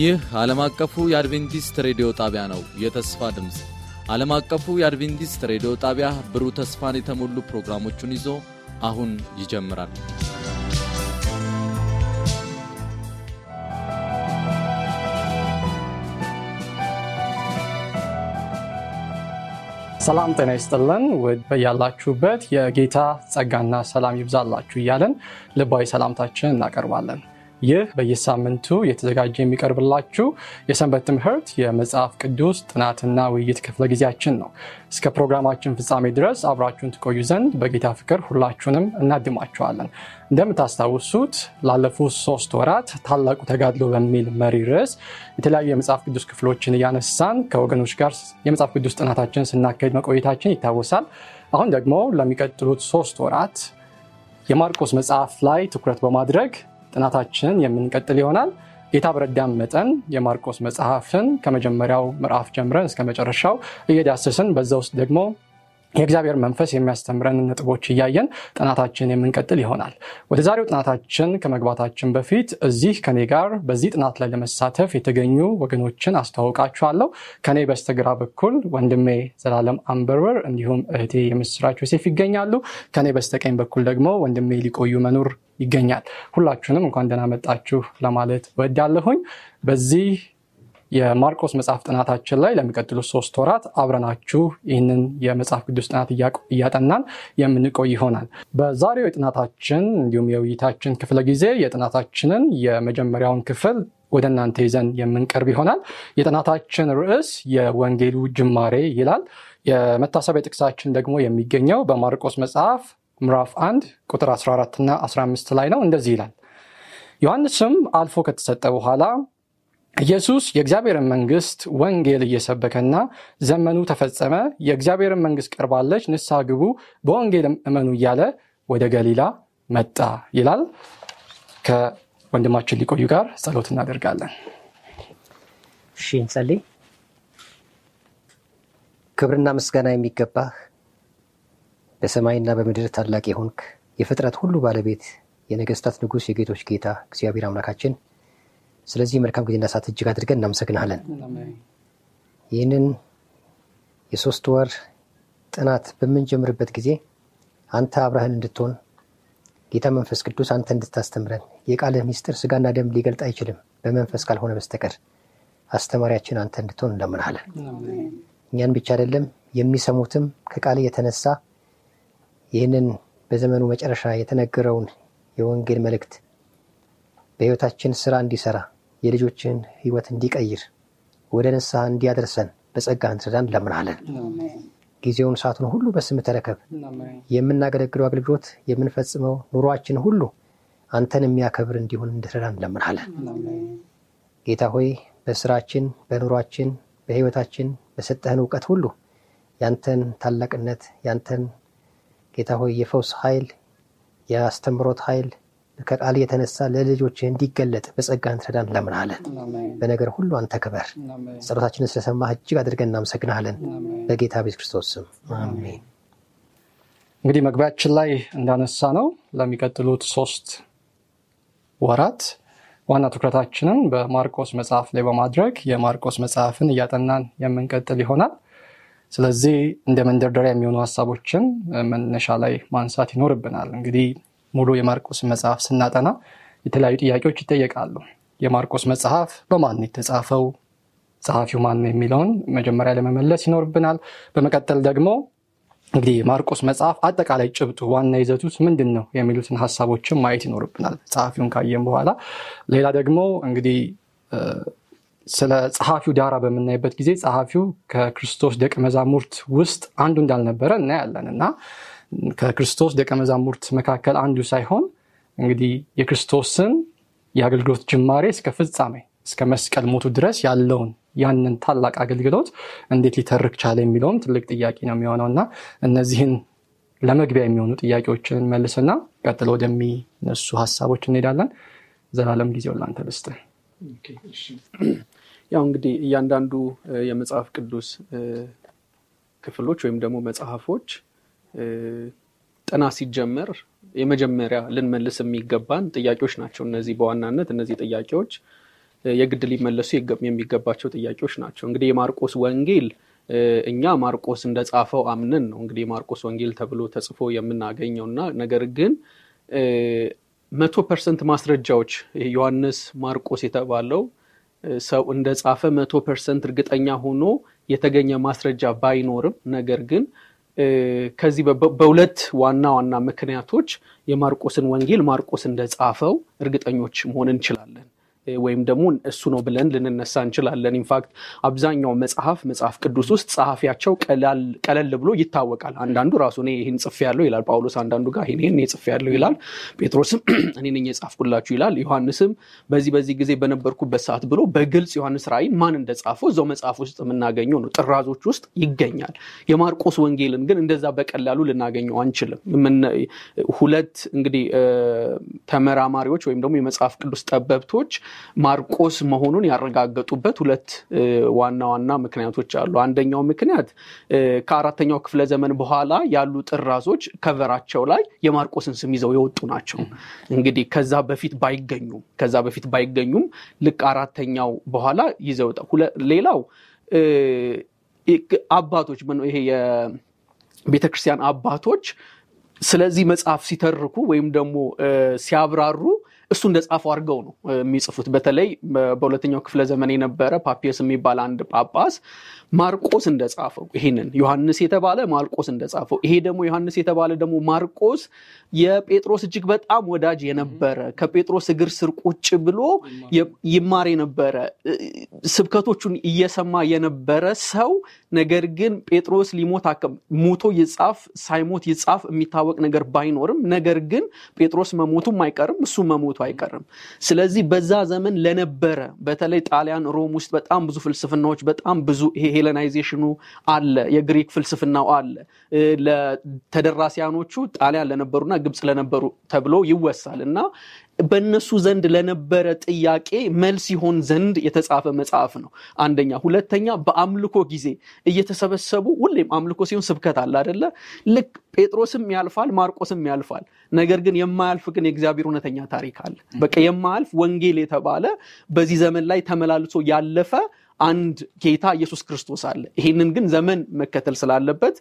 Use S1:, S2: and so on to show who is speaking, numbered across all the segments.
S1: ይህ ዓለም አቀፉ የአድቬንቲስት ሬዲዮ ጣቢያ ነው። የተስፋ ድምፅ ዓለም አቀፉ የአድቬንቲስት ሬዲዮ ጣቢያ ብሩህ ተስፋን የተሞሉ ፕሮግራሞቹን ይዞ አሁን ይጀምራል።
S2: ሰላም ጤና ይስጥልን። ውድ ያላችሁበት የጌታ ጸጋና ሰላም ይብዛላችሁ እያለን ልባዊ ሰላምታችን እናቀርባለን። ይህ በየሳምንቱ እየተዘጋጀ የሚቀርብላችሁ የሰንበት ትምህርት የመጽሐፍ ቅዱስ ጥናትና ውይይት ክፍለ ጊዜያችን ነው። እስከ ፕሮግራማችን ፍጻሜ ድረስ አብራችሁን ትቆዩ ዘንድ በጌታ ፍቅር ሁላችሁንም እናድማችኋለን። እንደምታስታውሱት ላለፉ ሶስት ወራት ታላቁ ተጋድሎ በሚል መሪ ርዕስ የተለያዩ የመጽሐፍ ቅዱስ ክፍሎችን እያነሳን ከወገኖች ጋር የመጽሐፍ ቅዱስ ጥናታችን ስናካሄድ መቆየታችን ይታወሳል። አሁን ደግሞ ለሚቀጥሉት ሶስት ወራት የማርቆስ መጽሐፍ ላይ ትኩረት በማድረግ ጥናታችንን የምንቀጥል ይሆናል። ጌታ በረዳን መጠን የማርቆስ መጽሐፍን ከመጀመሪያው ምዕራፍ ጀምረን እስከ መጨረሻው እየዳሰስን በዛ ውስጥ ደግሞ የእግዚአብሔር መንፈስ የሚያስተምረን ነጥቦች እያየን ጥናታችን የምንቀጥል ይሆናል። ወደ ዛሬው ጥናታችን ከመግባታችን በፊት እዚህ ከኔ ጋር በዚህ ጥናት ላይ ለመሳተፍ የተገኙ ወገኖችን አስተዋውቃችኋለሁ። ከኔ በስተግራ በኩል ወንድሜ ዘላለም አንበርበር እንዲሁም እህቴ የምስራች ሴፍ ይገኛሉ። ከኔ በስተቀኝ በኩል ደግሞ ወንድሜ ሊቆዩ መኖር ይገኛል። ሁላችሁንም እንኳን ደህና መጣችሁ ለማለት ወዳለሁኝ በዚህ የማርቆስ መጽሐፍ ጥናታችን ላይ ለሚቀጥሉት ሶስት ወራት አብረናችሁ ይህንን የመጽሐፍ ቅዱስ ጥናት እያጠናን የምንቆይ ይሆናል። በዛሬው የጥናታችን እንዲሁም የውይይታችን ክፍለ ጊዜ የጥናታችንን የመጀመሪያውን ክፍል ወደ እናንተ ይዘን የምንቀርብ ይሆናል። የጥናታችን ርዕስ የወንጌሉ ጅማሬ ይላል። የመታሰቢያ ጥቅሳችን ደግሞ የሚገኘው በማርቆስ መጽሐፍ ምዕራፍ 1 ቁጥር 14 እና 15 ላይ ነው። እንደዚህ ይላል። ዮሐንስም አልፎ ከተሰጠ በኋላ ኢየሱስ የእግዚአብሔርን መንግስት ወንጌል እየሰበከና ዘመኑ ተፈጸመ፣ የእግዚአብሔርን መንግስት ቀርባለች፣ ንስሐ ግቡ፣ በወንጌልም እመኑ እያለ ወደ ገሊላ መጣ ይላል። ከወንድማችን
S3: ሊቆዩ ጋር ጸሎት እናደርጋለን። እሺ እንጸልይ። ክብርና ምስጋና የሚገባህ በሰማይና በምድር ታላቅ የሆንክ የፍጥረት ሁሉ ባለቤት የነገስታት ንጉስ የጌቶች ጌታ እግዚአብሔር አምላካችን ስለዚህ መልካም ጊዜና ሰዓት እጅግ አድርገን እናመሰግናለን። ይህንን የሶስት ወር ጥናት በምንጀምርበት ጊዜ አንተ አብረህን እንድትሆን ጌታ መንፈስ ቅዱስ አንተ እንድታስተምረን የቃልህ ሚስጥር ስጋና ደም ሊገልጥ አይችልም በመንፈስ ካልሆነ በስተቀር አስተማሪያችን አንተ እንድትሆን እንለምናለን። እኛን ብቻ አይደለም የሚሰሙትም ከቃል የተነሳ ይህንን በዘመኑ መጨረሻ የተነገረውን የወንጌል መልእክት በህይወታችን ስራ እንዲሰራ የልጆችን ህይወት እንዲቀይር ወደ ንስሐ እንዲያደርሰን በጸጋ እንትረዳን ለምናለን ጊዜውን ሰዓቱን ሁሉ በስም ተረከብ። የምናገለግለው አገልግሎት የምንፈጽመው ኑሯችን ሁሉ አንተን የሚያከብር እንዲሆን እንድትረዳን እንለምናለን። ጌታ ሆይ በስራችን፣ በኑሯችን፣ በህይወታችን በሰጠህን እውቀት ሁሉ ያንተን ታላቅነት ያንተን ጌታ ሆይ የፈውስ ኃይል የአስተምሮት ኃይል ከቃል የተነሳ ለልጆች እንዲገለጥ በጸጋ እንድትረዳን እንለምንሃለን። በነገር ሁሉ አንተ ክበር። ጸሎታችንን እጅግ አድርገን እናመሰግናለን። በጌታ ቤት ክርስቶስ ስም አሜን። እንግዲህ
S2: መግቢያችን ላይ እንዳነሳ ነው ለሚቀጥሉት ሶስት ወራት ዋና ትኩረታችንን በማርቆስ መጽሐፍ ላይ በማድረግ የማርቆስ መጽሐፍን እያጠናን የምንቀጥል ይሆናል። ስለዚህ እንደ መንደርደሪያ የሚሆኑ ሀሳቦችን መነሻ ላይ ማንሳት ይኖርብናል። እንግዲህ ሙሉ የማርቆስ መጽሐፍ ስናጠና የተለያዩ ጥያቄዎች ይጠየቃሉ። የማርቆስ መጽሐፍ በማን የተጻፈው፣ ጸሐፊው ማን ነው የሚለውን መጀመሪያ ለመመለስ ይኖርብናል። በመቀጠል ደግሞ እንግዲህ የማርቆስ መጽሐፍ አጠቃላይ ጭብጡ፣ ዋና ይዘቱት ምንድን ነው የሚሉትን ሀሳቦችን ማየት ይኖርብናል። ጸሐፊውን ካየን በኋላ ሌላ ደግሞ እንግዲህ ስለ ጸሐፊው ዳራ በምናይበት ጊዜ ጸሐፊው ከክርስቶስ ደቀ መዛሙርት ውስጥ አንዱ እንዳልነበረ እናያለን እና ከክርስቶስ ደቀ መዛሙርት መካከል አንዱ ሳይሆን እንግዲህ የክርስቶስን የአገልግሎት ጅማሬ እስከ ፍጻሜ እስከ መስቀል ሞቱ ድረስ ያለውን ያንን ታላቅ አገልግሎት እንዴት ሊተርክ ቻለ የሚለውም ትልቅ ጥያቄ ነው የሚሆነው እና እነዚህን ለመግቢያ የሚሆኑ ጥያቄዎችን መልስና ቀጥሎ ወደሚነሱ ሀሳቦች እንሄዳለን። ዘላለም ጊዜው ላንተ ልስጥ።
S1: ያው እንግዲህ እያንዳንዱ የመጽሐፍ ቅዱስ ክፍሎች ወይም ደግሞ መጽሐፎች ጥናት ሲጀመር የመጀመሪያ ልንመልስ የሚገባን ጥያቄዎች ናቸው እነዚህ በዋናነት እነዚህ ጥያቄዎች የግድ ሊመለሱ የሚገባቸው ጥያቄዎች ናቸው። እንግዲህ የማርቆስ ወንጌል እኛ ማርቆስ እንደጻፈው አምነን ነው እንግዲህ የማርቆስ ወንጌል ተብሎ ተጽፎ የምናገኘው እና ነገር ግን መቶ ፐርሰንት ማስረጃዎች ዮሐንስ ማርቆስ የተባለው ሰው እንደጻፈ መቶ ፐርሰንት እርግጠኛ ሆኖ የተገኘ ማስረጃ ባይኖርም ነገር ግን ከዚህ በሁለት ዋና ዋና ምክንያቶች የማርቆስን ወንጌል ማርቆስ እንደጻፈው እርግጠኞች መሆን እንችላለን። ወይም ደግሞ እሱ ነው ብለን ልንነሳ እንችላለን። ኢንፋክት አብዛኛው መጽሐፍ መጽሐፍ ቅዱስ ውስጥ ጸሐፊያቸው ቀለል ብሎ ይታወቃል። አንዳንዱ ራሱ እኔ ይህን ያለው ይላል ጳውሎስ፣ አንዳንዱ ጋር ይህን ይህን ያለው ይላል። ጴጥሮስም እኔ ነኝ የጻፍኩላችሁ ይላል። ዮሐንስም በዚህ በዚህ ጊዜ በነበርኩበት ሰዓት ብሎ በግልጽ ዮሐንስ ራእይ ማን እንደጻፈው እዛው መጽሐፍ ውስጥ የምናገኘው ነው፣ ጥራዞች ውስጥ ይገኛል። የማርቆስ ወንጌልን ግን እንደዛ በቀላሉ ልናገኘው አንችልም። ሁለት እንግዲህ ተመራማሪዎች ወይም ደግሞ የመጽሐፍ ቅዱስ ጠበብቶች ማርቆስ መሆኑን ያረጋገጡበት ሁለት ዋና ዋና ምክንያቶች አሉ። አንደኛው ምክንያት ከአራተኛው ክፍለ ዘመን በኋላ ያሉ ጥራዞች ከቨራቸው ላይ የማርቆስን ስም ይዘው የወጡ ናቸው። እንግዲህ ከዛ በፊት ባይገኙም ከዛ በፊት ባይገኙም ልክ አራተኛው በኋላ ይዘው ሌላው አባቶች ይሄ የቤተክርስቲያን አባቶች ስለዚህ መጽሐፍ ሲተርኩ ወይም ደግሞ ሲያብራሩ እሱ እንደ አድርገው ነው የሚጽፉት። በተለይ በሁለተኛው ክፍለ ዘመን የነበረ ፓፒየስ የሚባል አንድ ጳጳስ ማርቆስ እንደጻፈው ይሄንን ዮሐንስ የተባለ ማርቆስ እንደጻፈው ይሄ ደግሞ ዮሐንስ የተባለ ደግሞ ማርቆስ የጴጥሮስ እጅግ በጣም ወዳጅ የነበረ ከጴጥሮስ እግር ስር ቁጭ ብሎ ይማር የነበረ ስብከቶቹን እየሰማ የነበረ ሰው ነገር ግን ጴጥሮስ ሊሞት ሞቶ ይጻፍ ሳይሞት ይጻፍ የሚታወቅ ነገር ባይኖርም ነገር ግን ጴጥሮስ መሞቱም አይቀርም እሱ መሞቱ አይቀርም። ስለዚህ በዛ ዘመን ለነበረ በተለይ ጣሊያን፣ ሮም ውስጥ በጣም ብዙ ፍልስፍናዎች በጣም ብዙ ሄለናይዜሽኑ አለ፣ የግሪክ ፍልስፍናው አለ። ለተደራሲያኖቹ ጣሊያን ለነበሩና ግብፅ ለነበሩ ተብሎ ይወሳል እና በእነሱ ዘንድ ለነበረ ጥያቄ መልስ ይሆን ዘንድ የተጻፈ መጽሐፍ ነው። አንደኛ። ሁለተኛ በአምልኮ ጊዜ እየተሰበሰቡ ሁሌም አምልኮ ሲሆን ስብከት አለ አደለ? ልክ ጴጥሮስም ያልፋል፣ ማርቆስም ያልፋል። ነገር ግን የማያልፍ ግን የእግዚአብሔር እውነተኛ ታሪክ አለ። በቃ የማያልፍ ወንጌል የተባለ በዚህ ዘመን ላይ ተመላልሶ ያለፈ አንድ ጌታ ኢየሱስ ክርስቶስ አለ። ይህንን ግን ዘመን መከተል ስላለበት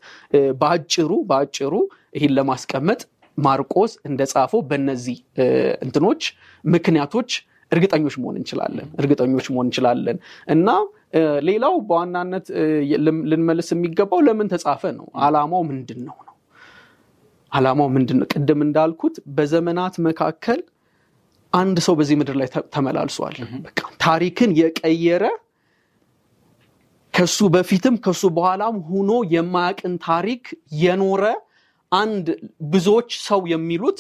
S1: በአጭሩ በአጭሩ ይህን ለማስቀመጥ ማርቆስ እንደጻፈው በእነዚህ እንትኖች ምክንያቶች እርግጠኞች መሆን እንችላለን እርግጠኞች መሆን እንችላለን እና ሌላው በዋናነት ልንመልስ የሚገባው ለምን ተጻፈ ነው። አላማው ምንድን ነው ነው አላማው ምንድን ነው? ቅድም እንዳልኩት በዘመናት መካከል አንድ ሰው በዚህ ምድር ላይ ተመላልሷል። ታሪክን የቀየረ ከሱ በፊትም ከሱ በኋላም ሆኖ የማያቅን ታሪክ የኖረ አንድ ብዙዎች ሰው የሚሉት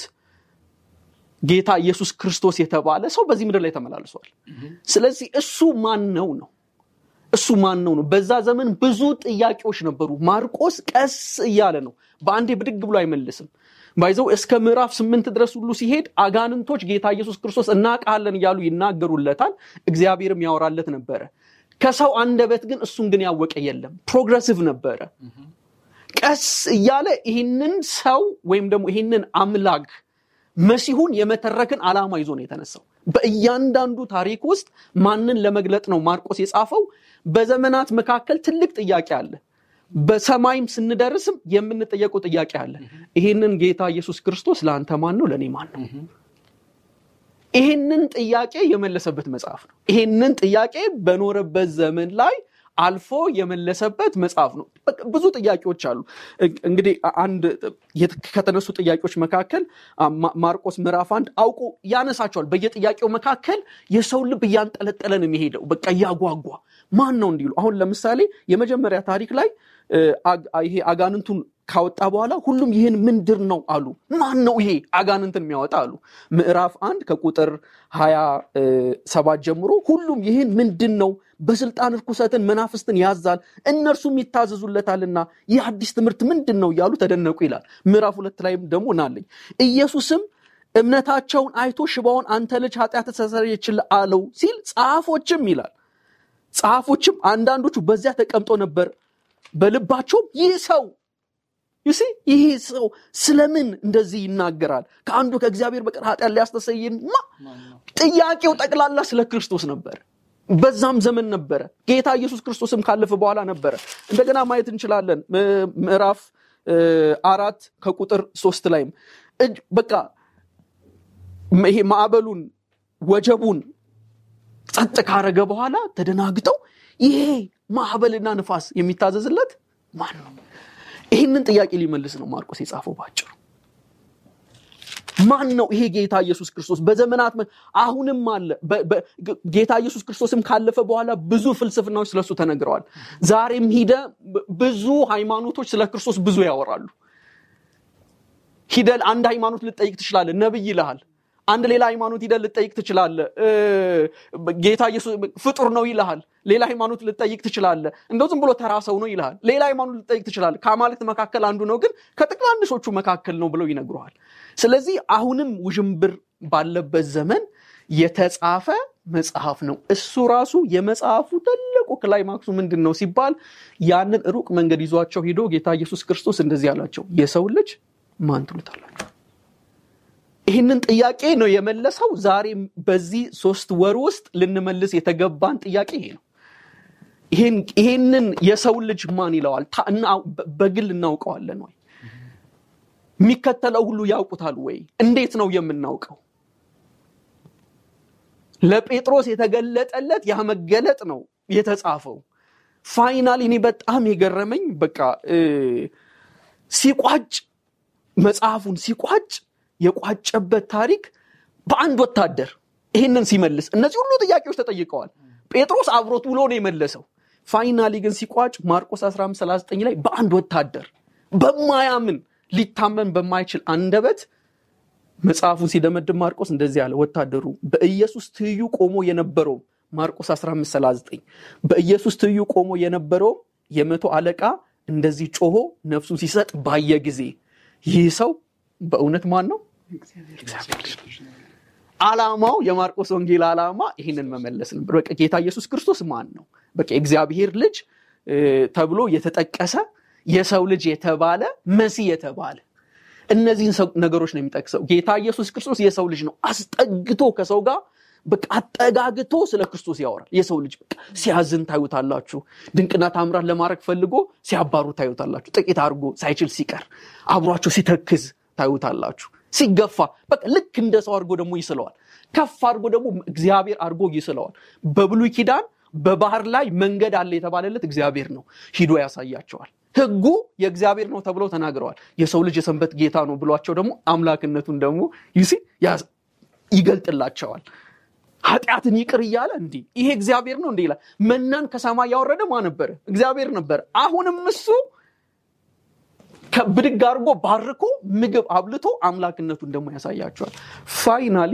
S1: ጌታ ኢየሱስ ክርስቶስ የተባለ ሰው በዚህ ምድር ላይ ተመላልሷል። ስለዚህ እሱ ማን ነው ነው እሱ ማን ነው ነው። በዛ ዘመን ብዙ ጥያቄዎች ነበሩ። ማርቆስ ቀስ እያለ ነው፣ በአንዴ ብድግ ብሎ አይመልስም። ባይዘው እስከ ምዕራፍ ስምንት ድረስ ሁሉ ሲሄድ አጋንንቶች ጌታ ኢየሱስ ክርስቶስ እናውቃለን እያሉ ይናገሩለታል፣ እግዚአብሔርም ያወራለት ነበረ። ከሰው አንደበት ግን እሱን ግን ያወቀ የለም። ፕሮግረሲቭ ነበረ ቀስ እያለ ይህንን ሰው ወይም ደግሞ ይህንን አምላክ መሲሁን የመተረክን ዓላማ ይዞ ነው የተነሳው። በእያንዳንዱ ታሪክ ውስጥ ማንን ለመግለጥ ነው ማርቆስ የጻፈው? በዘመናት መካከል ትልቅ ጥያቄ አለ። በሰማይም ስንደርስም የምንጠየቀው ጥያቄ አለ። ይህንን ጌታ ኢየሱስ ክርስቶስ ለአንተ ማን ነው? ለእኔ ማን ነው? ይህንን ጥያቄ የመለሰበት መጽሐፍ ነው። ይህንን ጥያቄ በኖረበት ዘመን ላይ አልፎ የመለሰበት መጽሐፍ ነው። ብዙ ጥያቄዎች አሉ። እንግዲህ አንድ ከተነሱ ጥያቄዎች መካከል ማርቆስ ምዕራፍ አንድ አውቁ ያነሳቸዋል። በየጥያቄው መካከል የሰው ልብ እያንጠለጠለ ነው የሚሄደው፣ በቃ እያጓጓ ማን ነው እንዲሉ። አሁን ለምሳሌ የመጀመሪያ ታሪክ ላይ ይሄ አጋንንቱን ካወጣ በኋላ ሁሉም ይህን ምንድር ነው አሉ። ማን ነው ይሄ አጋንንትን የሚያወጣ አሉ። ምዕራፍ አንድ ከቁጥር ሀያ ሰባት ጀምሮ ሁሉም ይህን ምንድን ነው በስልጣን ርኩሰትን መናፍስትን ያዛል እነርሱም ይታዘዙለታልና ይህ አዲስ ትምህርት ምንድን ነው እያሉ ተደነቁ ይላል። ምዕራፍ ሁለት ላይም ደግሞ ናለኝ ኢየሱስም እምነታቸውን አይቶ ሽባውን አንተ ልጅ ኃጢአት ተሰረየችል አለው ሲል ጸሐፎችም ይላል ጸሐፎችም አንዳንዶቹ በዚያ ተቀምጦ ነበር በልባቸውም ይህ ሰው ይህ ሰው ስለምን እንደዚህ ይናገራል? ከአንዱ ከእግዚአብሔር በቀር ኃጢአት ማ ጥያቄው ጠቅላላ ስለ ክርስቶስ ነበር። በዛም ዘመን ነበረ። ጌታ ኢየሱስ ክርስቶስም ካለፈ በኋላ ነበረ። እንደገና ማየት እንችላለን። ምዕራፍ አራት ከቁጥር ሶስት ላይም በቃ ይሄ ማዕበሉን ወጀቡን ጸጥ ካረገ በኋላ ተደናግጠው ይሄ ማዕበልና ንፋስ የሚታዘዝለት ማን ነው? ይህንን ጥያቄ ሊመልስ ነው ማርቆስ የጻፈው ባጭሩ። ማን ነው ይሄ ጌታ ኢየሱስ ክርስቶስ? በዘመናት አሁንም አለ። ጌታ ኢየሱስ ክርስቶስም ካለፈ በኋላ ብዙ ፍልስፍናዎች ስለሱ ተነግረዋል። ዛሬም ሂደ ብዙ ሃይማኖቶች ስለ ክርስቶስ ብዙ ያወራሉ። ሂደል አንድ ሃይማኖት ልጠይቅ ትችላለ ነብይ ይልሃል። አንድ ሌላ ሃይማኖት ሂደህ ልጠይቅ ትችላለህ። ጌታ ኢየሱስ ፍጡር ነው ይልሃል። ሌላ ሃይማኖት ልጠይቅ ትችላለህ። እንደው ዝም ብሎ ተራ ሰው ነው ይልሃል። ሌላ ሃይማኖት ልጠይቅ ትችላለህ። ከአማልክት መካከል አንዱ ነው፣ ግን ከጥቅላንሾቹ መካከል ነው ብለው ይነግረዋል። ስለዚህ አሁንም ውዥንብር ባለበት ዘመን የተጻፈ መጽሐፍ ነው። እሱ ራሱ የመጽሐፉ ትልቁ ክላይማክሱ ምንድን ነው ሲባል ያንን ሩቅ መንገድ ይዟቸው ሄዶ ጌታ ኢየሱስ ክርስቶስ እንደዚህ አላቸው፣ የሰው ልጅ ማን ትሉታላችሁ? ይህንን ጥያቄ ነው የመለሰው። ዛሬ በዚህ ሶስት ወር ውስጥ ልንመልስ የተገባን ጥያቄ ይሄ ነው። ይህንን የሰው ልጅ ማን ይለዋል? በግል እናውቀዋለን ወይ? የሚከተለው ሁሉ ያውቁታል ወይ? እንዴት ነው የምናውቀው? ለጴጥሮስ የተገለጠለት ያ መገለጥ ነው የተጻፈው። ፋይናል እኔ በጣም የገረመኝ በቃ ሲቋጭ መጽሐፉን ሲቋጭ የቋጨበት ታሪክ በአንድ ወታደር ይህንን ሲመልስ እነዚህ ሁሉ ጥያቄዎች ተጠይቀዋል። ጴጥሮስ አብሮት ውሎ ነው የመለሰው። ፋይናሊ ግን ሲቋጭ ማርቆስ 15፥39 ላይ በአንድ ወታደር በማያምን ሊታመን በማይችል አንደበት መጽሐፉን ሲደመድብ ማርቆስ እንደዚህ ያለ ወታደሩ በኢየሱስ ትዩ ቆሞ የነበረው ማርቆስ 15፥39 በኢየሱስ ትዩ ቆሞ የነበረውም የመቶ አለቃ እንደዚህ ጮሆ ነፍሱን ሲሰጥ ባየ ጊዜ ይህ ሰው በእውነት ማን ነው? አላማው የማርቆስ ወንጌል አላማ ይህንን መመለስ ነበር። በቃ ጌታ ኢየሱስ ክርስቶስ ማን ነው? በቃ የእግዚአብሔር ልጅ ተብሎ የተጠቀሰ የሰው ልጅ የተባለ መሲህ የተባለ እነዚህን ነገሮች ነው የሚጠቅሰው። ጌታ ኢየሱስ ክርስቶስ የሰው ልጅ ነው። አስጠግቶ ከሰው ጋር በቃ አጠጋግቶ ስለ ክርስቶስ ያወራል። የሰው ልጅ በቃ ሲያዝን ታዩታላችሁ። ድንቅና ታምራት ለማድረግ ፈልጎ ሲያባሩ ታዩታላችሁ። ጥቂት አድርጎ ሳይችል ሲቀር አብሯቸው ሲተክዝ ታዩታላችሁ። ሲገፋ በቃ ልክ እንደ ሰው አድርጎ ደግሞ ይስለዋል። ከፍ አድርጎ ደግሞ እግዚአብሔር አድርጎ ይስለዋል። በብሉይ ኪዳን በባህር ላይ መንገድ አለ የተባለለት እግዚአብሔር ነው። ሂዶ ያሳያቸዋል። ህጉ የእግዚአብሔር ነው ተብለው ተናግረዋል። የሰው ልጅ የሰንበት ጌታ ነው ብሏቸው ደግሞ አምላክነቱን ደግሞ ይሲ ይገልጥላቸዋል። ኃጢአትን ይቅር እያለ እንዲህ ይሄ እግዚአብሔር ነው እንዲህ ይላል። መናን ከሰማይ ያወረደ ማ ነበረ? እግዚአብሔር ነበር። አሁንም እሱ ብድግ አድርጎ ባርኮ ምግብ አብልቶ አምላክነቱን ደግሞ ያሳያቸዋል። ፋይናሊ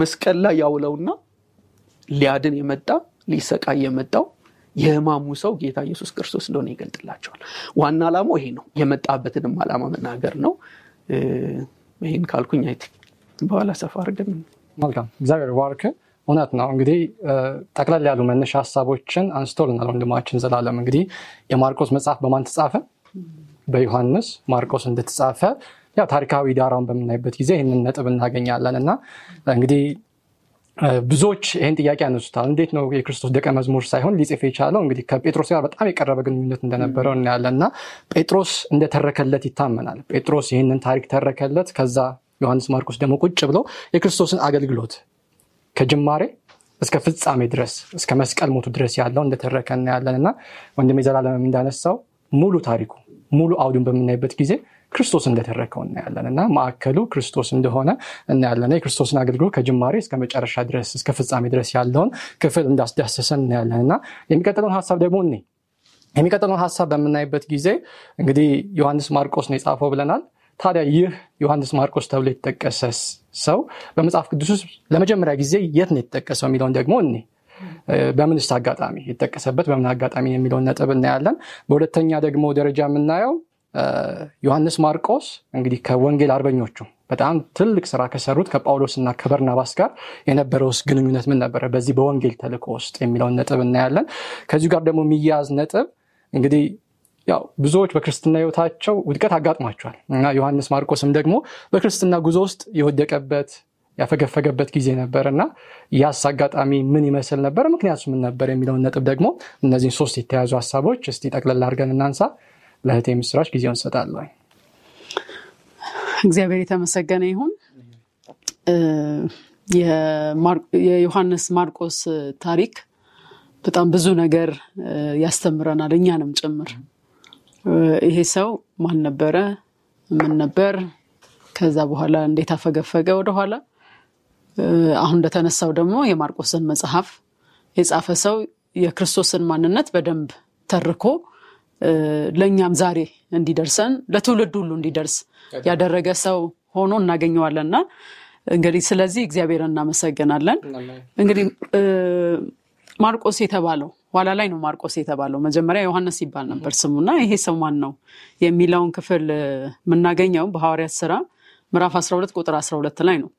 S1: መስቀል ላይ ያውለውና ሊያድን የመጣ ሊሰቃይ የመጣው የህማሙ ሰው ጌታ ኢየሱስ ክርስቶስ እንደሆነ ይገልጥላቸዋል። ዋና ዓላማው ይሄ ነው። የመጣበትንም ዓላማ መናገር ነው። ይህን ካልኩኝ አይት በኋላ ሰፋ አድርገን መልካም እግዚአብሔር ባርክ።
S2: እውነት ነው እንግዲህ ጠቅለል ያሉ መነሻ ሀሳቦችን አንስቶልናል ወንድማችን ዘላለም። እንግዲህ የማርቆስ መጽሐፍ በማን ተጻፈ? በዮሐንስ ማርቆስ እንደተጻፈ ያው ታሪካዊ ዳራውን በምናይበት ጊዜ ይህንን ነጥብ እናገኛለን እና እንግዲህ ብዙዎች ይህን ጥያቄ ያነሱታል። እንዴት ነው የክርስቶስ ደቀ መዝሙር ሳይሆን ሊጽፍ የቻለው? እንግዲህ ከጴጥሮስ ጋር በጣም የቀረበ ግንኙነት እንደነበረው እናያለን እና ጴጥሮስ እንደተረከለት ይታመናል። ጴጥሮስ ይህንን ታሪክ ተረከለት። ከዛ ዮሐንስ ማርቆስ ደግሞ ቁጭ ብሎ የክርስቶስን አገልግሎት ከጅማሬ እስከ ፍጻሜ ድረስ እስከ መስቀል ሞቱ ድረስ ያለው እንደተረከ እናያለን እና ወንድም የዘላለም እንዳነሳው ሙሉ ታሪኩ ሙሉ አውዱን በምናይበት ጊዜ ክርስቶስ እንደተረከው እናያለን እና ማዕከሉ ክርስቶስ እንደሆነ እናያለን የክርስቶስን አገልግሎት ከጅማሬ እስከ መጨረሻ ድረስ እስከ ፍጻሜ ድረስ ያለውን ክፍል እንዳስዳሰሰን እናያለን እና የሚቀጥለውን ሀሳብ ደግሞ እኔ የሚቀጥለውን ሀሳብ በምናይበት ጊዜ እንግዲህ ዮሐንስ ማርቆስ ነው የጻፈው ብለናል። ታዲያ ይህ ዮሐንስ ማርቆስ ተብሎ የተጠቀሰ ሰው በመጽሐፍ ቅዱስ ውስጥ ለመጀመሪያ ጊዜ የት ነው የተጠቀሰው የሚለውን ደግሞ እኔ በምንስ አጋጣሚ የጠቀሰበት በምን አጋጣሚ የሚለውን ነጥብ እናያለን። በሁለተኛ ደግሞ ደረጃ የምናየው ዮሐንስ ማርቆስ እንግዲህ ከወንጌል አርበኞቹ በጣም ትልቅ ስራ ከሰሩት ከጳውሎስ እና ከበርናባስ ጋር የነበረውስ ግንኙነት ምን ነበረ በዚህ በወንጌል ተልእኮ ውስጥ የሚለውን ነጥብ እናያለን። ከዚሁ ጋር ደግሞ የሚያያዝ ነጥብ እንግዲህ ያው ብዙዎች በክርስትና ህይወታቸው ውድቀት አጋጥሟቸዋል እና ዮሐንስ ማርቆስም ደግሞ በክርስትና ጉዞ ውስጥ የወደቀበት ያፈገፈገበት ጊዜ ነበር እና ያስ አጋጣሚ ምን ይመስል ነበር፣ ምክንያቱ ምን ነበር የሚለውን ነጥብ ደግሞ እነዚህን ሶስት የተያዙ ሀሳቦች እስቲ ጠቅለል አድርገን እናንሳ። ለእህቴ የምስራች ጊዜውን እሰጣለሁ።
S4: እግዚአብሔር የተመሰገነ ይሁን። የዮሐንስ ማርቆስ ታሪክ በጣም ብዙ ነገር ያስተምረናል፣ እኛንም ጭምር። ይሄ ሰው ማን ነበረ? ምን ነበር? ከዛ በኋላ እንዴት አፈገፈገ ወደኋላ አሁን እንደተነሳው ደግሞ የማርቆስን መጽሐፍ የጻፈ ሰው የክርስቶስን ማንነት በደንብ ተርኮ ለእኛም ዛሬ እንዲደርሰን ለትውልድ ሁሉ እንዲደርስ ያደረገ ሰው ሆኖ እናገኘዋለንና እንግዲህ ስለዚህ እግዚአብሔር እናመሰግናለን። እንግዲህ ማርቆስ የተባለው ኋላ ላይ ነው ማርቆስ የተባለው መጀመሪያ ዮሐንስ ይባል ነበር ስሙና ይሄ ሰው ማን ነው የሚለውን ክፍል የምናገኘው በሐዋርያት ስራ ምዕራፍ 12 ቁጥር 12 ላይ ነው።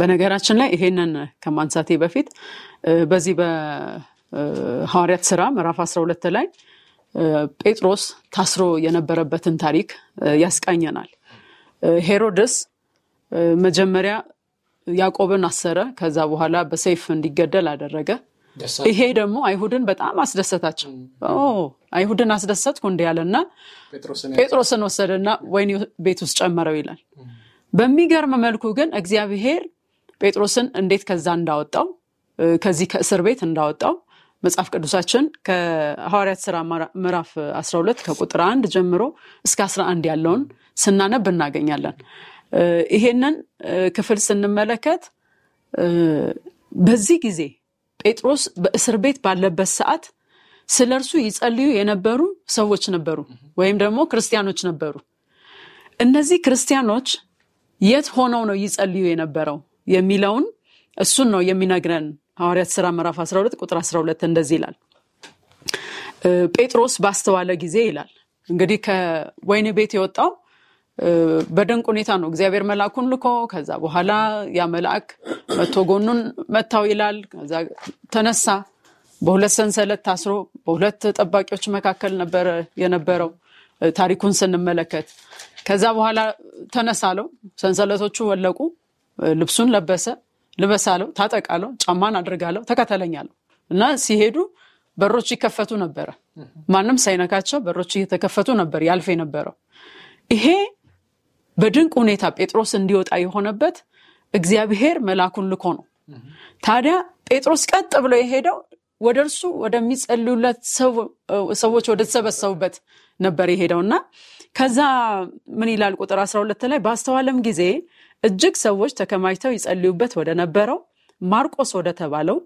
S4: በነገራችን ላይ ይሄንን ከማንሳቴ በፊት በዚህ በሐዋርያት ስራ ምዕራፍ 12 ላይ ጴጥሮስ ታስሮ የነበረበትን ታሪክ ያስቃኘናል። ሄሮድስ መጀመሪያ ያዕቆብን አሰረ። ከዛ በኋላ በሰይፍ እንዲገደል አደረገ። ይሄ ደግሞ አይሁድን በጣም አስደሰታቸው። አይሁድን አስደሰትኩ እንዲ ያለና ጴጥሮስን ወሰደና ወይን ቤት ውስጥ ጨመረው ይላል። በሚገርም መልኩ ግን እግዚአብሔር ጴጥሮስን እንዴት ከዛ እንዳወጣው ከዚህ ከእስር ቤት እንዳወጣው መጽሐፍ ቅዱሳችን ከሐዋርያት ስራ ምዕራፍ 12 ከቁጥር አንድ ጀምሮ እስከ 11 ያለውን ስናነብ እናገኛለን። ይሄንን ክፍል ስንመለከት በዚህ ጊዜ ጴጥሮስ በእስር ቤት ባለበት ሰዓት ስለ እርሱ ይጸልዩ የነበሩ ሰዎች ነበሩ፣ ወይም ደግሞ ክርስቲያኖች ነበሩ። እነዚህ ክርስቲያኖች የት ሆነው ነው ይጸልዩ የነበረው? የሚለውን እሱን ነው የሚነግረን። ሐዋርያት ስራ ምዕራፍ 12 ቁጥር 12 እንደዚህ ይላል፣ ጴጥሮስ ባስተዋለ ጊዜ ይላል። እንግዲህ ከወይን ቤት የወጣው በድንቅ ሁኔታ ነው። እግዚአብሔር መልአኩን ልኮ ከዛ በኋላ ያ መልአክ መቶ ጎኑን መታው ይላል። ከዛ ተነሳ። በሁለት ሰንሰለት ታስሮ በሁለት ጠባቂዎች መካከል ነበረ የነበረው ታሪኩን ስንመለከት ከዛ በኋላ ተነሳ አለው። ሰንሰለቶቹ ወለቁ። ልብሱን ለበሰ ልበሳለው፣ ታጠቃለው፣ ጫማን አድርጋለው፣ ተከተለኛለው እና ሲሄዱ በሮች ይከፈቱ ነበረ። ማንም ሳይነካቸው በሮች እየተከፈቱ ነበር ያልፍ የነበረው። ይሄ በድንቅ ሁኔታ ጴጥሮስ እንዲወጣ የሆነበት እግዚአብሔር መልአኩን ልኮ ነው። ታዲያ ጴጥሮስ ቀጥ ብሎ የሄደው ወደ እርሱ ወደሚጸልዩለት ሰዎች ወደተሰበሰቡበት ነበር የሄደው እና ከዛ ምን ይላል ቁጥር 12 ላይ ባስተዋለም ጊዜ እጅግ ሰዎች ተከማችተው ይጸልዩበት ወደ ነበረው ማርቆስ ወደ ተባለው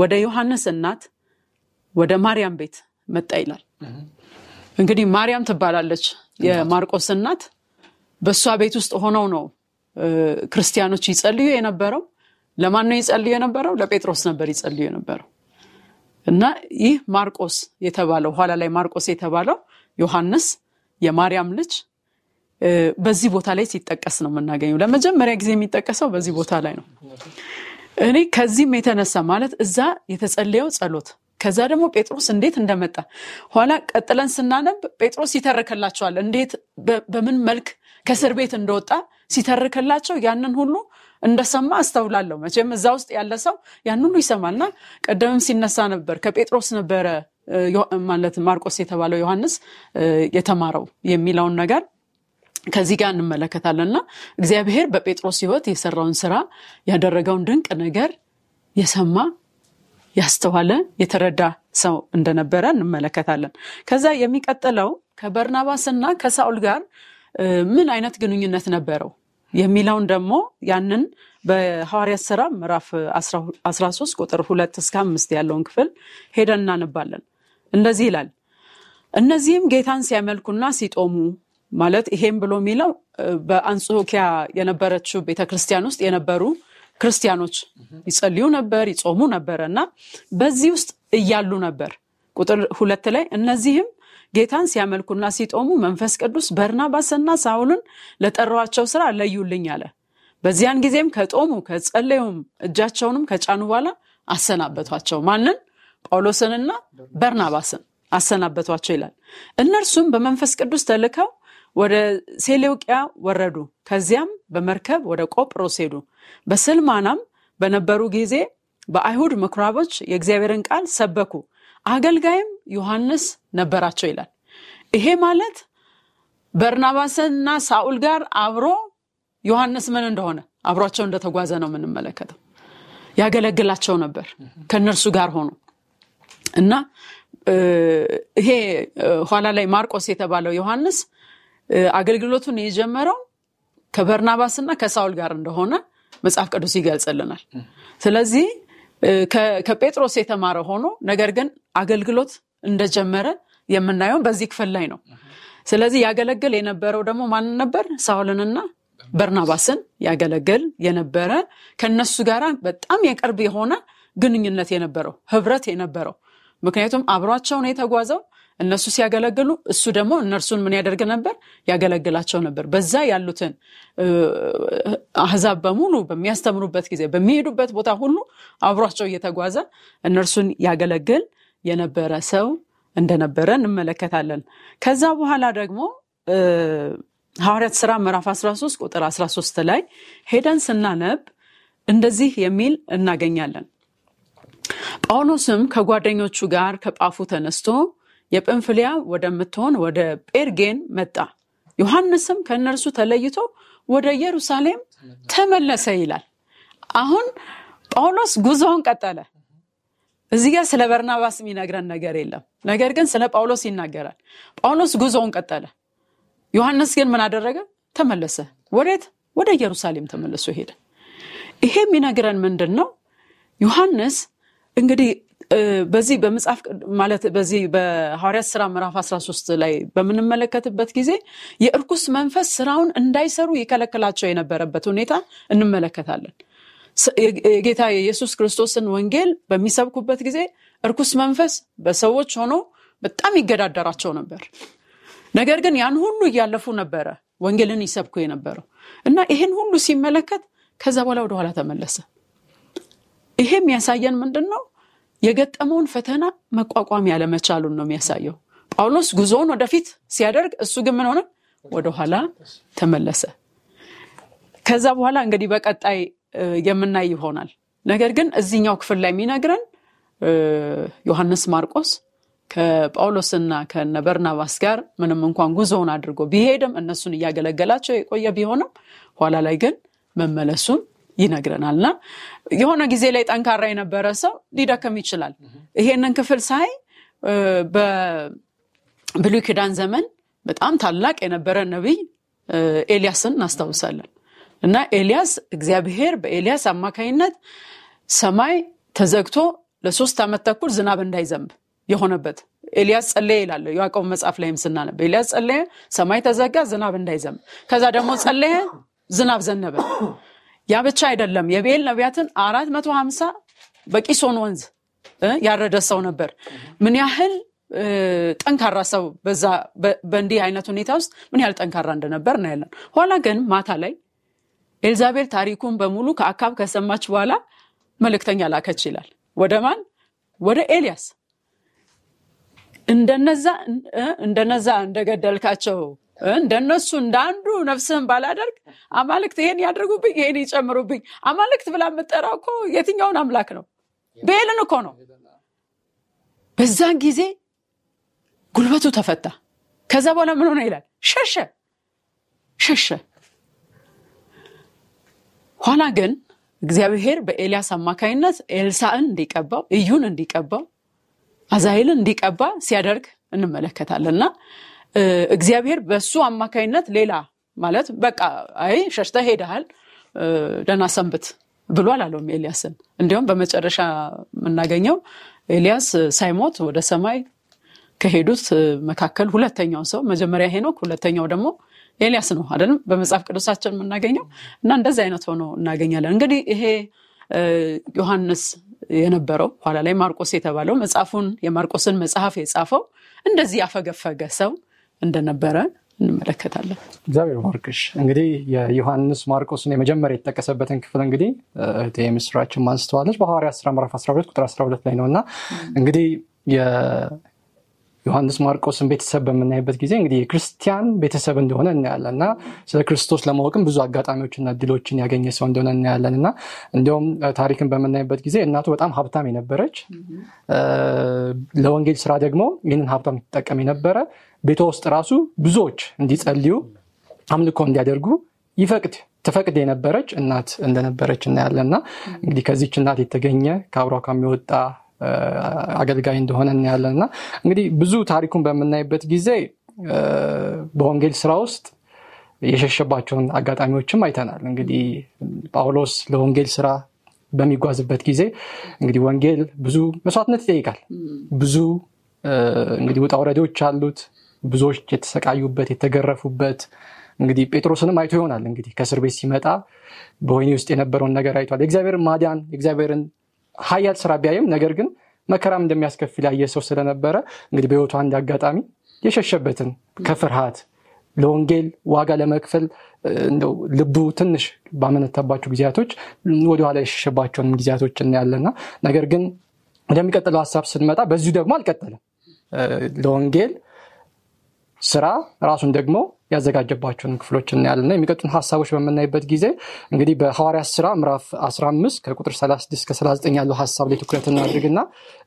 S4: ወደ ዮሐንስ እናት ወደ ማርያም ቤት መጣ ይላል። እንግዲህ ማርያም ትባላለች የማርቆስ እናት። በእሷ ቤት ውስጥ ሆነው ነው ክርስቲያኖች ይጸልዩ የነበረው። ለማን ነው ይጸልዩ የነበረው? ለጴጥሮስ ነበር ይጸልዩ የነበረው። እና ይህ ማርቆስ የተባለው ኋላ ላይ ማርቆስ የተባለው ዮሐንስ የማርያም ልጅ በዚህ ቦታ ላይ ሲጠቀስ ነው የምናገኘው። ለመጀመሪያ ጊዜ የሚጠቀሰው በዚህ ቦታ ላይ ነው። እኔ ከዚህም የተነሳ ማለት እዛ የተጸለየው ጸሎት ከዛ ደግሞ ጴጥሮስ እንዴት እንደመጣ ኋላ ቀጥለን ስናነብ ጴጥሮስ ይተርክላቸዋል። እንዴት በምን መልክ ከእስር ቤት እንደወጣ ሲተርክላቸው ያንን ሁሉ እንደሰማ አስተውላለሁ። መቼም እዛ ውስጥ ያለ ሰው ያን ሁሉ ይሰማልና፣ ቀደምም ሲነሳ ነበር ከጴጥሮስ ነበረ ማለት ማርቆስ የተባለው ዮሐንስ የተማረው የሚለውን ነገር ከዚህ ጋር እንመለከታለን እና እግዚአብሔር በጴጥሮስ ህይወት የሰራውን ስራ ያደረገውን ድንቅ ነገር የሰማ ያስተዋለ የተረዳ ሰው እንደነበረ እንመለከታለን። ከዛ የሚቀጥለው ከበርናባስ እና ከሳውል ጋር ምን አይነት ግንኙነት ነበረው የሚለውን ደግሞ ያንን በሐዋርያት ስራ ምዕራፍ 13 ቁጥር ሁለት እስከ አምስት ያለውን ክፍል ሄደን እናንባለን እንደዚህ ይላል። እነዚህም ጌታን ሲያመልኩና ሲጦሙ ማለት ይሄም ብሎ የሚለው በአንጾኪያ የነበረችው ቤተክርስቲያን ውስጥ የነበሩ ክርስቲያኖች ይጸልዩ ነበር፣ ይጾሙ ነበር እና በዚህ ውስጥ እያሉ ነበር። ቁጥር ሁለት ላይ እነዚህም ጌታን ሲያመልኩና ሲጦሙ መንፈስ ቅዱስ በርናባስና ሳውልን ለጠራዋቸው ስራ ለዩልኝ አለ። በዚያን ጊዜም ከጦሙ ከጸለዩም እጃቸውንም ከጫኑ በኋላ አሰናበቷቸው። ማንን? ጳውሎስንና በርናባስን አሰናበቷቸው ይላል። እነርሱም በመንፈስ ቅዱስ ተልከው ወደ ሴሌውቅያ ወረዱ። ከዚያም በመርከብ ወደ ቆጵሮስ ሄዱ። በስልማናም በነበሩ ጊዜ በአይሁድ ምኩራቦች የእግዚአብሔርን ቃል ሰበኩ። አገልጋይም ዮሐንስ ነበራቸው ይላል። ይሄ ማለት በርናባስና ሳኡል ጋር አብሮ ዮሐንስ ምን እንደሆነ አብሯቸው እንደተጓዘ ነው የምንመለከተው። ያገለግላቸው ነበር ከእነርሱ ጋር ሆኖ እና ይሄ ኋላ ላይ ማርቆስ የተባለው ዮሐንስ አገልግሎቱን የጀመረው ከበርናባስ እና ከሳውል ጋር እንደሆነ መጽሐፍ ቅዱስ ይገልጽልናል። ስለዚህ ከጴጥሮስ የተማረ ሆኖ ነገር ግን አገልግሎት እንደጀመረ የምናየውን በዚህ ክፍል ላይ ነው። ስለዚህ ያገለግል የነበረው ደግሞ ማንን ነበር? ሳውልንና በርናባስን ያገለግል የነበረ ከነሱ ጋር በጣም የቅርብ የሆነ ግንኙነት የነበረው ህብረት የነበረው ምክንያቱም አብሯቸው ነው የተጓዘው። እነሱ ሲያገለግሉ እሱ ደግሞ እነርሱን ምን ያደርግ ነበር? ያገለግላቸው ነበር። በዛ ያሉትን አህዛብ በሙሉ በሚያስተምሩበት ጊዜ በሚሄዱበት ቦታ ሁሉ አብሯቸው እየተጓዘ እነርሱን ያገለግል የነበረ ሰው እንደነበረ እንመለከታለን። ከዛ በኋላ ደግሞ ሐዋርያት ስራ ምዕራፍ 13 ቁጥር 13 ላይ ሄደን ስናነብ እንደዚህ የሚል እናገኛለን ጳውሎስም ከጓደኞቹ ጋር ከጳፉ ተነስቶ የጵንፍልያ ወደምትሆን ወደ ጴርጌን መጣ። ዮሐንስም ከእነርሱ ተለይቶ ወደ ኢየሩሳሌም ተመለሰ ይላል። አሁን ጳውሎስ ጉዞውን ቀጠለ። እዚህ ጋር ስለ በርናባስ የሚነግረን ነገር የለም። ነገር ግን ስለ ጳውሎስ ይናገራል። ጳውሎስ ጉዞውን ቀጠለ። ዮሐንስ ግን ምን አደረገ? ተመለሰ። ወዴት? ወደ ኢየሩሳሌም ተመልሶ ሄደ። ይሄ የሚነግረን ምንድን ነው? ዮሐንስ እንግዲህ በዚህ በመጽሐፍ ማለት በዚህ በሐዋርያት ስራ ምዕራፍ 13 ላይ በምንመለከትበት ጊዜ የእርኩስ መንፈስ ስራውን እንዳይሰሩ ይከለክላቸው የነበረበት ሁኔታ እንመለከታለን። የጌታ የኢየሱስ ክርስቶስን ወንጌል በሚሰብኩበት ጊዜ እርኩስ መንፈስ በሰዎች ሆኖ በጣም ይገዳደራቸው ነበር። ነገር ግን ያን ሁሉ እያለፉ ነበረ ወንጌልን ይሰብኩ የነበረው እና ይህን ሁሉ ሲመለከት ከዛ በኋላ ወደኋላ ተመለሰ። ይሄ የሚያሳየን ምንድን ነው? የገጠመውን ፈተና መቋቋም ያለመቻሉን ነው የሚያሳየው። ጳውሎስ ጉዞውን ወደፊት ሲያደርግ፣ እሱ ግን ምን ሆነ? ወደኋላ ተመለሰ። ከዛ በኋላ እንግዲህ በቀጣይ የምናይ ይሆናል። ነገር ግን እዚህኛው ክፍል ላይ የሚነግረን ዮሐንስ ማርቆስ ከጳውሎስና ከነ በርናባስ ጋር ምንም እንኳን ጉዞውን አድርጎ ቢሄድም እነሱን እያገለገላቸው የቆየ ቢሆንም ኋላ ላይ ግን መመለሱን ይነግረናል። እና የሆነ ጊዜ ላይ ጠንካራ የነበረ ሰው ሊደክም ይችላል። ይሄንን ክፍል ሳይ በብሉይ ኪዳን ዘመን በጣም ታላቅ የነበረ ነቢይ ኤልያስን እናስታውሳለን። እና ኤልያስ እግዚአብሔር በኤልያስ አማካኝነት ሰማይ ተዘግቶ ለሶስት ዓመት ተኩል ዝናብ እንዳይዘንብ የሆነበት ኤልያስ ጸለየ ይላለ የዋቀው መጽሐፍ ላይም ስናነብ ኤልያስ ጸለየ፣ ሰማይ ተዘጋ፣ ዝናብ እንዳይዘንብ። ከዛ ደግሞ ጸለየ፣ ዝናብ ዘነበ። ያ ብቻ አይደለም። የብኤል ነቢያትን አራት መቶ ሀምሳ በቂሶን ወንዝ ያረደ ሰው ነበር። ምን ያህል ጠንካራ ሰው በዛ በእንዲህ አይነት ሁኔታ ውስጥ ምን ያህል ጠንካራ እንደነበር እናያለን። ኋላ ግን ማታ ላይ ኤልዛቤል ታሪኩን በሙሉ ከአካብ ከሰማች በኋላ መልእክተኛ ላከች ይላል። ወደ ማን? ወደ ኤልያስ እንደነዛ እንደነዛ እንደገደልካቸው እንደነሱ እንዳንዱ ነፍስህን ባላደርግ አማልክት ይሄን ያደርጉብኝ ይሄን ይጨምሩብኝ። አማልክት ብላ የምጠራው እኮ የትኛውን አምላክ ነው? ቤልን እኮ ነው። በዛን ጊዜ ጉልበቱ ተፈታ። ከዛ በኋላ ምን ሆነ ይላል? ሸሸ ሸሸ። ኋላ ግን እግዚአብሔር በኤልያስ አማካኝነት ኤልሳዕን እንዲቀባው፣ እዩን እንዲቀባው፣ አዛሄልን እንዲቀባ ሲያደርግ እንመለከታለንና እግዚአብሔር በሱ አማካይነት ሌላ ማለት በቃ አይ ሸሽተ ሄደሃል ደና ሰንብት ብሎ አላለውም ኤልያስን። እንዲሁም በመጨረሻ የምናገኘው ኤልያስ ሳይሞት ወደ ሰማይ ከሄዱት መካከል ሁለተኛው ሰው መጀመሪያ ሄኖክ፣ ሁለተኛው ደግሞ ኤልያስ ነው አይደለም በመጽሐፍ ቅዱሳችን የምናገኘው እና እንደዚህ አይነት ሆኖ እናገኛለን። እንግዲህ ይሄ ዮሐንስ የነበረው ኋላ ላይ ማርቆስ የተባለው መጽሐፉን የማርቆስን መጽሐፍ የጻፈው እንደዚህ ያፈገፈገ ሰው እንደነበረ
S2: እንመለከታለን። እግዚአብሔር ባርክሽ። እንግዲህ የዮሐንስ ማርቆስን የመጀመሪያ የተጠቀሰበትን ክፍል እንግዲህ የምስራችን አንስተዋለች በሐዋርያት ሥራ ምዕራፍ 12 ቁጥር 12 ላይ ነው እና እንግዲህ ዮሐንስ ማርቆስን ቤተሰብ በምናይበት ጊዜ እንግዲህ የክርስቲያን ቤተሰብ እንደሆነ እናያለን እና ስለ ክርስቶስ ለማወቅም ብዙ አጋጣሚዎችና እድሎችን ያገኘ ሰው እንደሆነ እናያለን እና እንዲሁም ታሪክን በምናይበት ጊዜ እናቱ በጣም ሀብታም የነበረች ለወንጌል ስራ ደግሞ ይህንን ሀብታም ትጠቀም የነበረ ቤቷ ውስጥ ራሱ ብዙዎች እንዲጸልዩ አምልኮ እንዲያደርጉ ይፈቅድ ትፈቅድ የነበረች እናት እንደነበረች እና እንግዲህ ከዚች እናት የተገኘ ከአብሯ ከሚወጣ አገልጋይ እንደሆነ እናያለን እና እንግዲህ ብዙ ታሪኩን በምናይበት ጊዜ በወንጌል ስራ ውስጥ የሸሸባቸውን አጋጣሚዎችም አይተናል። እንግዲህ ጳውሎስ ለወንጌል ስራ በሚጓዝበት ጊዜ እንግዲህ ወንጌል ብዙ መስዋዕትነት ይጠይቃል። ብዙ እንግዲህ ውጣ ውረዴዎች አሉት። ብዙዎች የተሰቃዩበት የተገረፉበት እንግዲህ ጴጥሮስንም አይቶ ይሆናል። እንግዲህ ከእስር ቤት ሲመጣ በወይኔ ውስጥ የነበረውን ነገር አይቷል። የእግዚአብሔርን ማዲያን የእግዚአብሔርን ሀያል ስራ ቢያይም ነገር ግን መከራም እንደሚያስከፍል ያየ ሰው ስለነበረ እንግዲህ በህይወቱ አንድ አጋጣሚ የሸሸበትን ከፍርሃት ለወንጌል ዋጋ ለመክፈል እንደው ልቡ ትንሽ ባመነታባቸው ጊዜያቶች ወደኋላ የሸሸባቸውን ጊዜያቶች እናያለና ነገር ግን ወደሚቀጥለው ሀሳብ ስንመጣ በዚሁ ደግሞ አልቀጠለም። ለወንጌል ስራ ራሱን ደግሞ ያዘጋጀባቸውን ክፍሎች ና የሚቀጡን ሀሳቦች በምናይበት ጊዜ እንግዲህ በሐዋርያት ስራ ምራፍ 15 ከቁጥር 36 39 ያለው ሀሳብ ላይ ትኩረት እናድርግና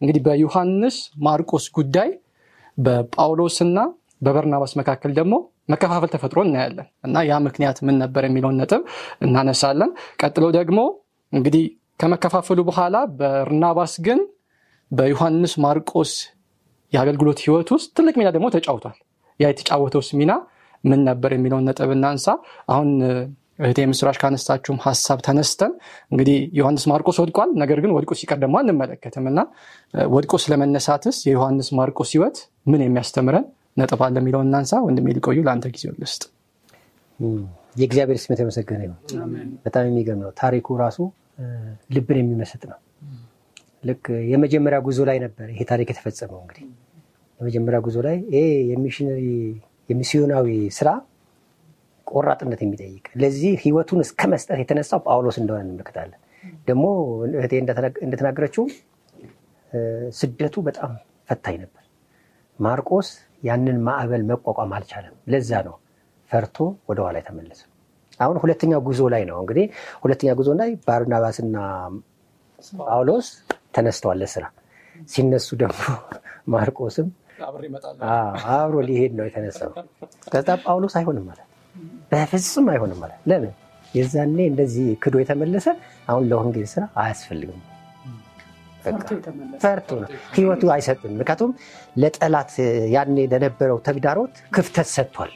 S2: እንግዲህ በዮሐንስ ማርቆስ ጉዳይ በጳውሎስና በበርናባስ መካከል ደግሞ መከፋፈል ተፈጥሮ እናያለን እና ያ ምክንያት ምን ነበር የሚለውን ነጥብ እናነሳለን። ቀጥሎ ደግሞ እንግዲህ ከመከፋፈሉ በኋላ በርናባስ ግን በዮሐንስ ማርቆስ የአገልግሎት ህይወት ውስጥ ትልቅ ሚና ደግሞ ተጫውቷል። ያ የተጫወተውስ ሚና ምን ነበር የሚለውን ነጥብ እናንሳ። አሁን እህቴ ምስራች ካነሳችሁም ሀሳብ ተነስተን እንግዲህ ዮሐንስ ማርቆስ ወድቋል። ነገር ግን ወድቆ ሲቀር ደግሞ አንመለከትም እና ወድቆ ስለመነሳትስ የዮሐንስ ማርቆስ ህይወት ምን የሚያስተምረን
S3: ነጥብ አለ የሚለውን እናንሳ። ወንድሜ ሊቆዩ ለአንተ ጊዜ ልስጥ። የእግዚአብሔር ስም የተመሰገነ ይሁን። በጣም የሚገርም ነው ታሪኩ ራሱ ልብን የሚመስጥ ነው። ልክ የመጀመሪያ ጉዞ ላይ ነበር ይሄ ታሪክ የተፈጸመው። እንግዲህ የመጀመሪያ ጉዞ ላይ ይሄ የሚሽነሪ የሚስዮናዊ ስራ ቆራጥነት የሚጠይቅ ለዚህ ህይወቱን እስከ መስጠት የተነሳው ጳውሎስ እንደሆነ እንመለከታለን። ደግሞ እህቴ እንደተናገረችው ስደቱ በጣም ፈታኝ ነበር። ማርቆስ ያንን ማዕበል መቋቋም አልቻለም። ለዛ ነው ፈርቶ ወደኋላ የተመለሰ። አሁን ሁለተኛ ጉዞ ላይ ነው እንግዲህ ሁለተኛ ጉዞ ላይ ባርናባስና ጳውሎስ ተነስተዋል ለስራ ሲነሱ ደግሞ ማርቆስም አብሮ ሊሄድ ነው የተነሳው። ከዛ ጳውሎስ አይሆንም ማለት በፍጹም አይሆንም ማለት ለምን? የዛኔ እንደዚህ ክዶ የተመለሰ አሁን ለወንጌል ስራ አያስፈልግም። ፈርቶ ነው ህይወቱ አይሰጥም። ምክንያቱም ለጠላት ያኔ ለነበረው ተግዳሮት ክፍተት ሰጥቷል።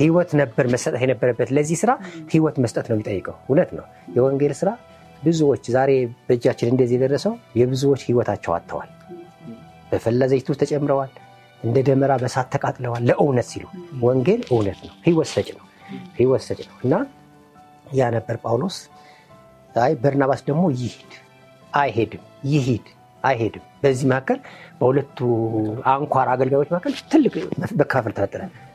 S3: ህይወት ነበር መሰጠት የነበረበት ለዚህ ስራ ህይወት መስጠት ነው የሚጠይቀው። እውነት ነው የወንጌል ስራ ብዙዎች ዛሬ በእጃችን እንደዚህ የደረሰው የብዙዎች ህይወታቸው አጥተዋል። በፈላ ዘይት ውስጥ ተጨምረዋል፣ እንደ ደመራ በሳት ተቃጥለዋል። ለእውነት ሲሉ ወንጌል እውነት ነው፣ ህይወት ነው፣ ህይወት ነው እና ያ ነበር ጳውሎስ። አይ በርናባስ ደግሞ ይሂድ አይሄድም፣ ይሂድ አይሄድም። በዚህ መካከል በሁለቱ አንኳር አገልጋዮች መካከል ትልቅ መካፈል ተፈጠረ።